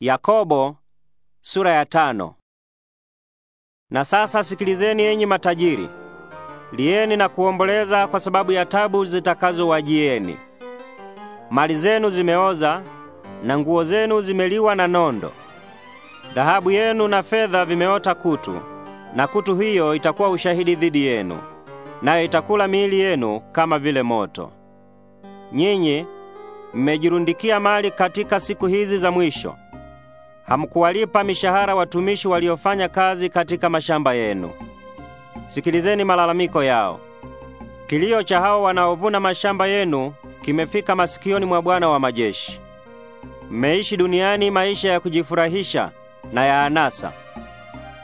Yakobo sura ya tano. Na sasa sikilizeni enyi matajiri, lieni na kuomboleza kwa sababu ya tabu zitakazowajieni. Mali zenu zimeoza na nguo zenu zimeliwa na nondo. Dhahabu yenu na fedha vimeota kutu, na kutu hiyo itakuwa ushahidi dhidi yenu, nayo itakula miili yenu kama vile moto. Nyinyi mmejirundikia mali katika siku hizi za mwisho hamkuwalipa mishahara watumishi waliofanya kazi katika mashamba yenu. Sikilizeni malalamiko yao. Kilio cha hao wanaovuna mashamba yenu kimefika masikioni mwa Bwana wa majeshi. Mmeishi duniani maisha ya kujifurahisha na ya anasa.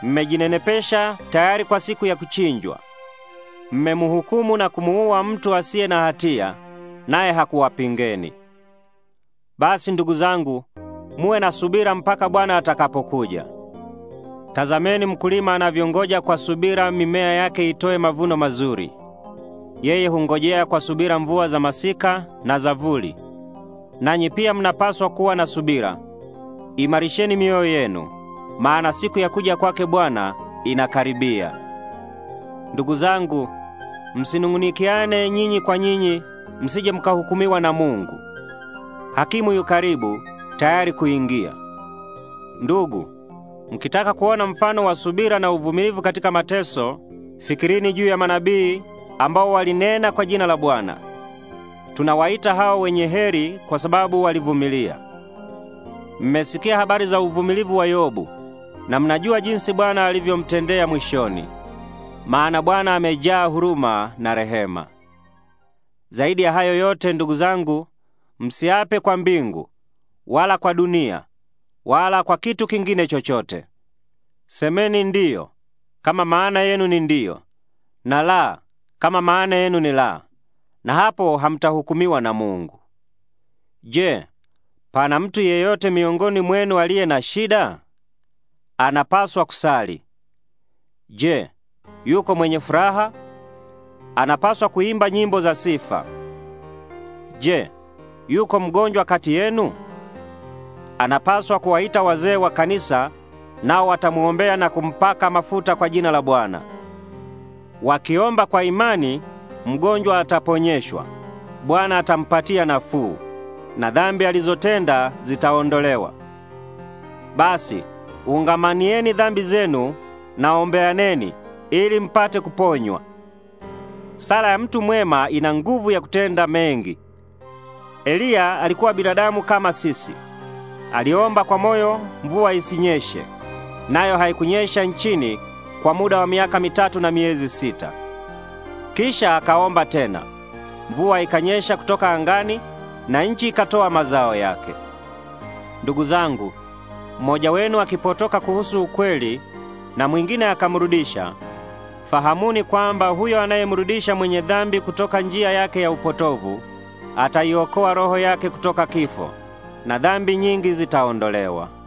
Mmejinenepesha tayari kwa siku ya kuchinjwa. Mmemuhukumu na kumuua mtu asiye na hatia, naye hakuwapingeni. Basi ndugu zangu, muwe na subira mpaka Bwana atakapokuja. Tazameni mkulima anavyongoja kwa subira mimea yake itoe mavuno mazuri. Yeye hungojea kwa subira mvua za masika na za vuli. Nanyi pia mnapaswa kuwa na subira. Imarisheni mioyo yenu, maana siku ya kuja kwake Bwana inakaribia. Ndugu zangu, msinung'unikiane nyinyi kwa nyinyi, msije mkahukumiwa na Mungu. Hakimu yu karibu tayari kuingia. Ndugu, mkitaka kuona mfano wa subira na uvumilivu katika mateso, fikirini juu ya manabii ambao walinena kwa jina la Bwana. Tunawaita hao wenye heri kwa sababu walivumilia. Mmesikia habari za uvumilivu wa Yobu na mnajua jinsi Bwana alivyomtendea mwishoni. Maana Bwana amejaa huruma na rehema. Zaidi ya hayo yote, ndugu zangu, msiape kwa mbingu wala kwa dunia, wala kwa kitu kingine chochote. Semeni ndiyo kama maana yenu ni ndiyo, na la kama maana yenu ni la, na hapo hamtahukumiwa na Mungu. Je, pana mtu yeyote miongoni mwenu aliye na shida? Anapaswa kusali. Je, yuko mwenye furaha? Anapaswa kuimba nyimbo za sifa. Je, yuko mgonjwa kati yenu? anapaswa kuwaita wazee wa kanisa, nao watamuombea na kumpaka mafuta kwa jina la Bwana. Wakiomba kwa imani, mgonjwa ataponyeshwa, Bwana atampatia nafuu na dhambi alizotenda zitaondolewa. Basi ungamanieni dhambi zenu na ombeaneni ili mpate kuponywa. Sala ya mtu mwema ina nguvu ya kutenda mengi. Eliya alikuwa binadamu kama sisi. Aliomba kwa moyo mvua isinyeshe, nayo haikunyesha nchini kwa muda wa miaka mitatu na miezi sita. Kisha akaomba tena, mvua ikanyesha kutoka angani na nchi ikatoa mazao yake. Ndugu zangu, mmoja wenu akipotoka kuhusu ukweli na mwingine akamrudisha, fahamuni kwamba huyo anayemrudisha mwenye dhambi kutoka njia yake ya upotovu ataiokoa roho yake kutoka kifo na dhambi nyingi zitaondolewa.